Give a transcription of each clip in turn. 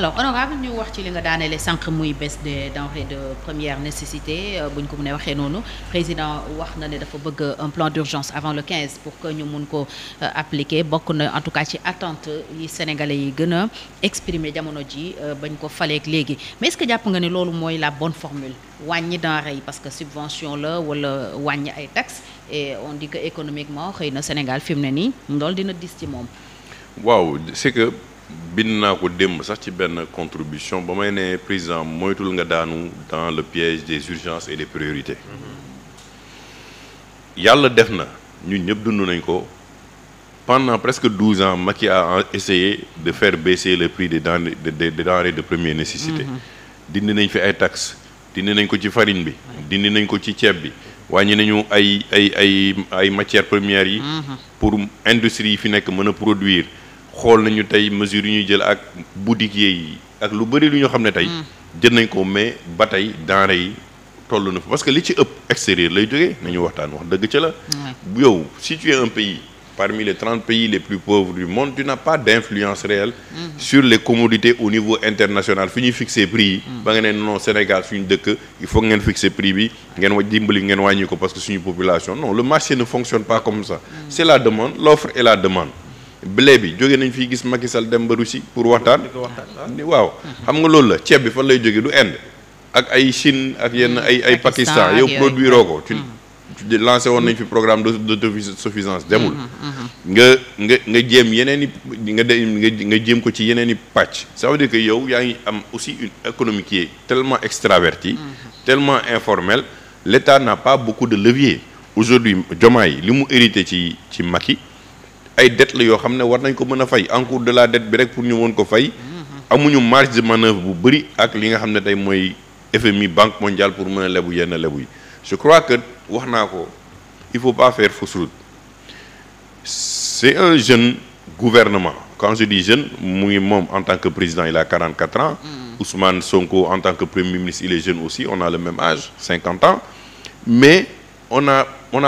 alors honorable ñu wax ci li nga daaneele sànq muy baisse des denrées de première nécessité euh, bu ñu ko mënee waxee noonu président wax na ne dafa bëgg un plan d'urgence avant le 15 pour que ñu mun ko euh, appliquer bokk na en tout cas ci attente yi sénégalais yi gën a exprimer jamono ji euh, bañ ko faleek léegi mais est-ce que jàpp nga ne loolu mooy la bonne formule wàññi denrées yi parce que subvention la wala wàññi ay tax et on dit que économiquement xëy na Sénégal fi mu ne nii loolu dina dis ci moom waaw bind naa ko démb sax ci benn contribution ba may ne président moytul nga daanu dans le piège des urgences et des priorités mm-hmm. yàlla def na ñun ñëpp dund nañ ko pendant presque douze ans Macky a essayé de faire baisser le prix des denrées des denrées de première nécessité mm-hmm. dindi nañ fi ay tax dindi nañ ko ci farine bi dindi nañ ko ci ceeb bi wàññi nañu ay ay ay ay matières premières yi mm-hmm. pour industrie yi fi nekk mën a produire xool nañu tey mesures yu ñuy jël ak boutique yi ak lu bëri lu ñu xam ne tey. Mm. jël nañ ko mais ba tey denrée yi toll na fa parce que li ci ëpp extérieur lay jógee nañu waxtaan wax dëgg ca la. yow si tu es un pays. parmi les trente pays les plus pauvres du monde tu n'as pas d'influence réelle mm. sur les commodités au niveau international fi ñuy fixer prix yi mm. ba nga ne non Sénégal suñu dëkk il faut ngeen fixer prix bi ngeen wa dimbali ngeen wàññi ko la demande blé bi jóge nañ fii gis Macky Sall dem ba Russie pour waxtaan waaw xam nga loolu la ceeb bi fan lay jóge du Inde ak ay Chine ak yenn ay ay Pakistan yow produiroo ko ci mm. lancé woon nañ fi programme de de d'autosuffisance demul mm, mm, nga nga nga jéem yeneen i nga de nga jéem ko ci yeneen i pàcc ça dire que yow yaa ngi am aussi une économie qui est tellement extravertie tellement informelle l'État n'a pas beaucoup de levier aujourd'hui yi li mu hérité ci ci Macky ay dette la yoo xam ne war nañ ko mën a fay en cours de la dette bi rek pour ñu mën ko fay amuñu marge de manœuvre bu bëri ak li nga xam ne tey mooy FMI banque mondiale pour mën a lebu yenn lebu yi je crois que wax naa ko il faut pas faire fausse route c'est un jeune gouvernement quand je dis jeune mu ngi moom en tant que président il a 44 ans mm. Ousmane Sonko en tant que premier ministre il est jeune aussi on a le même âge ans mais on a on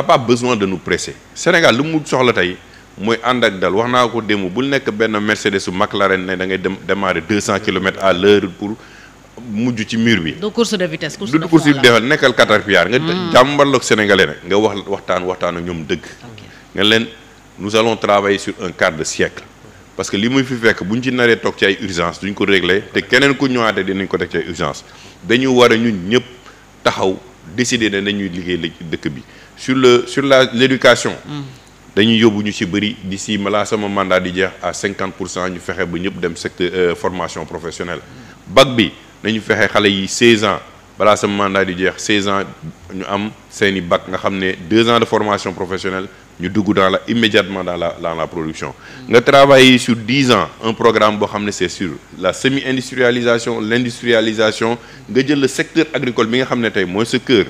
de nous presser Sénégal lu mu soxla tey mooy ànd ak dal wax naa ko démb bul nekk benn Mercedes su McLaren ne da ngay dem démarrer deux cent kilomètres à l'heure pour mujj ci miir bi. du course de vitesse course de du course de vitesse nekkal caterpillar nga hmm. jàmbarloo ak sénégalais nga wax waxtaan waxtaan ak ñoom dëgg. nga leen nous allons travailler sur un quart de siècle. parce que li muy fi fekk bu ñu ci naree toog ci ay urgence duñ ko régler te keneen ku ñëwaatee dinañ ko teg ci ay urgence dañu war a ñun ñëpp taxaw décider ne dañuy liggéey dëkk bi sur le sur la l'éducation. Hmm. dañuy yóbbu ñu ci bëri d'ici malaa sama mandat di jeex à 50 pour cent ñu fexe ba ñëpp dem secteur euh, formation professionnelle bac bi nañu fexe xale yi 16 ans balaa sama mandat di jeex 16 ans ñu am seeni bac nga xam ne deux ans de formation professionnelle ñu dugg dans la immédiatement dans la dans la production nga travailler sur dix ans un programme boo xam ne c'est sur la semi-industrialisation l'industrialisation nga jël le secteur agricole bi nga xam ne tey mooy sa cœur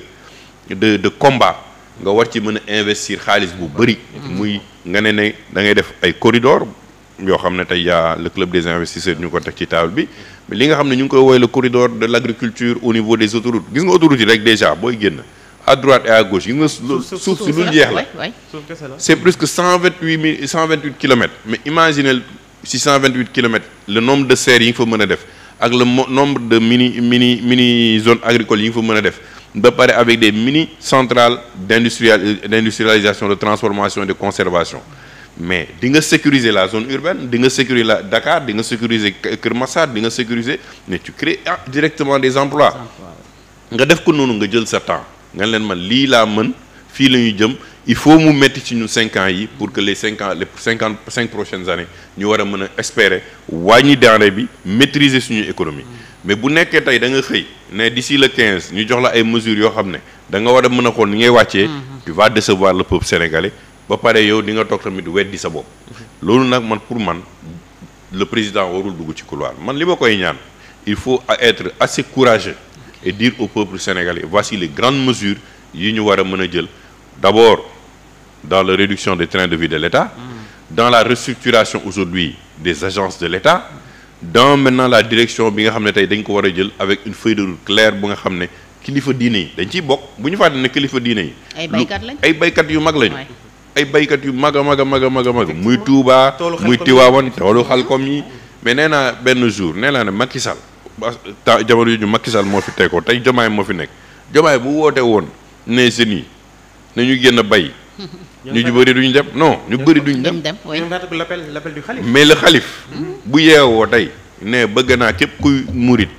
de de combat nga war ci mën a investir xaalis bu bëri. muy nga ne ne da ngay def ay corridor yoo xam ne tey yaa le club des investisseurs ñu ko teg ci table bi li nga xam ne ñu ngi koy woowee le corridor de l' agriculture au niveau des autoroutes gis nga autoroutes yi rek déjà booy génn à droite et à gauche nga. suuf si lu jeex la c' est plus cent vingt huit mille cent vingt huit kilomètres mais imaginez si cent vingt huit kilomètres le nombre de serres yi nga fa mën a def ak le nombre de mini mini mini zone agricole yi nga fa mën a def. ba pare avec des mini centrales d'industrial d'industrialisation de transformation et de conservation mais dinga sécuriser la zone urbaine di nga sécuriser la Dakar di nga sécuriser Kër Massar di nga sécuriser mais tu crées ah, directement des emplois nga def ko noonu nga jël sa temps nga leen man lii laa mën fii la ñu jëm il faut mu metti ci ñu cinq ans yi pour que les cinq cinquante cinq prochaines années ñu war a mën a espérer wàññi denrée bi maîtriser suñu économie mais bu nekkee tey da nga xëy ne d'ici le quinze ñu jox la ay mesures yoo xam ne danga war a mën a xool ni ngay wàccee. Mhm. tu vas décevoir le peuple sénégalais ba pare yow di nga toog tamit weddi sa bopp. loolu nag man pour man le président warul dugg ci couloir man li ma koy ñaan il faut être assez courageux et dire au peuple sénégalais voici les grandes mesures yi ñu war a mën a jël d'abord dans la réduction des trains de vie de l'État. Mhm. dans la restructuration aujourd'hui des agences de l'État. dans maintenant la direction bi nga xam ne tey dañ ko war a jël avec une feuille de route claire bu nga xam ne kilifa diine yi dañ ciy bokk bu ñu fàtte ne kilifa diine yi. ay baykat ay baykat yu mag lañu. ay baykat yu mag a mag a mag a mag a mag muy Touba muy Tiwaawan toolu xalkom yi mais nee naa benn jour nee naa ne Macky Sall ta jamono yu ñu Macky moo fi teekoo tey jomaay moo fi nekk jomaay bu woote woon ne jeunes yi nañu génn bay ñu ju bëri duñu dem non ñu bëri duñu dem mais le xalif bu yeewoo tey ne bëgg naa képp kuy murit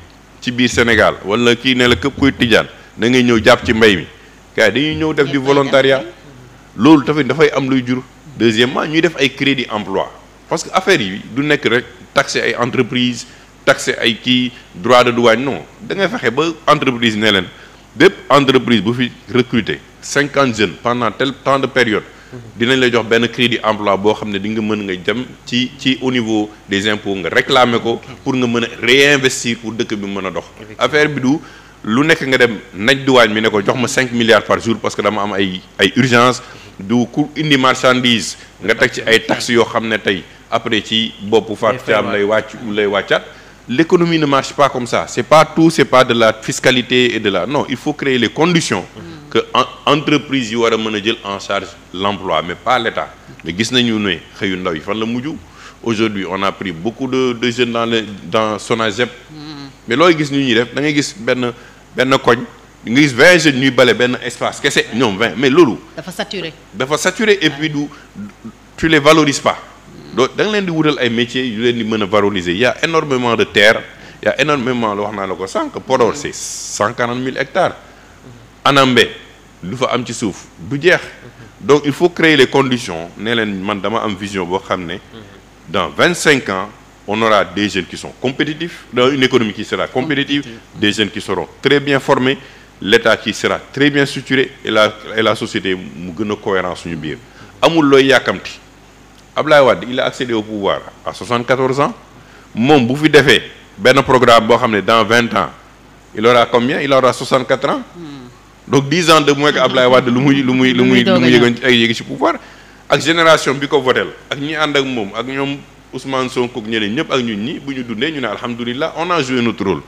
ci biir Sénégal wala kii ne la képp kuy tijaan da ngay ñëw jàpp ci mbay mi gars dañuy ñëw def du volontariat loolu tamit dafay am luy jur deuxièmement ñuy def ay crédit emploi parce que affaire yi du nekk rek taxer ay entreprise taxer ay kii droit de douane non da ngay fexe ba entreprise ne leen bépp entreprise bu fi recruter cinquante jeunes pendant tel temps de période. Mhm. dinañ la jox benn crédit emploi boo xam ne di nga mën nga dem ci ci au niveau des impôts nga réclamer ko pour nga mën a réinvestir pour dëkk bi mën a dox. affaire bi du lu nekk nga dem naj duwaañ mi ne ko jox ma cinq milliards par jour parce que dama am ay ay urgence du ku indi marchandise nga teg ci ay taxes yoo xam ne tey après ci bopp Fatou Thiam lay wàcc lay wàccaat. l'économie ne marche pas comme ça c'est pas tout c'est pas de la fiscalité et de la non il faut créer les conditions mm. que entreprise yi war a mën a jël en charge l'emploi mais pas l'État mais gis nañu ne xëyu ndaw yi fan la mujj aujourd'hui on a pris beaucoup de de jeunes dans le dans SONAGEP mm. mais looy gis ñu ñuy def da ngay gis benn benn koñ nga gis vingt jeunes bale benn espace kese ñoom vingt mais loolu dafa saturé dafa saturé et du tu les valorises pas doo da leen di wutal ay métiers yu leen di mën a valoriser il y a énormément de terre il y énormément la wax naa la ko sànq Podor mm-hmm. c'est cent quarante mille hectares Anambé lu fa am ci suuf du jeex mm-hmm. donc il faut créer les conditions ne leen man dama am vision boo xam ne mm-hmm. dans vingt cinq ans on aura des jeunes qui sont compétitifs dans une économie qui sera compétitive des jeunes qui seront très bien formés l'État qui sera très bien structuré et la la société mu gën a cohérence suñu biir amul looy yàkkamti Ablaye Wade il a accédé au pouvoir à 74 ans moom bu fi defee benn programme boo xam ne dans vingt ans il aura combien il aura 64 ans hmm. donc 10 ans de moins que Ablaye Wade lu muy lu muy lu muy lu muy yëgoon ay yéegi ci pouvoir ak génération bi ko votel ak ñi ànd ak moom ak ñoom Ousmane Sonko ak ñeneen ñëpp ak ñu ñi bu ñu dundee ñu ne alhamdulilah on a joué notre rôle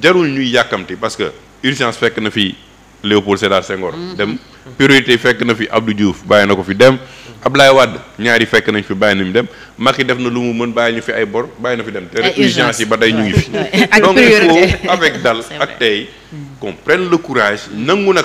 jarul ñuy yàkkamti parce que urgence fekk na fi Léopold Sédar Senghor hmm. dem priorité fekk na fi Abdou Diouf bàyyi na ko fi dem Ablaye Wade ñaari fekk nañ fi bàyyi nañu dem Macky def na lu mu mën bàyyi ñu fi ay bor bàyyi na fi dem. te urgence yi ba tey ñu ngi fi. donc il faut avec dal ak tey mm. qu'on prenne le courage nangu nag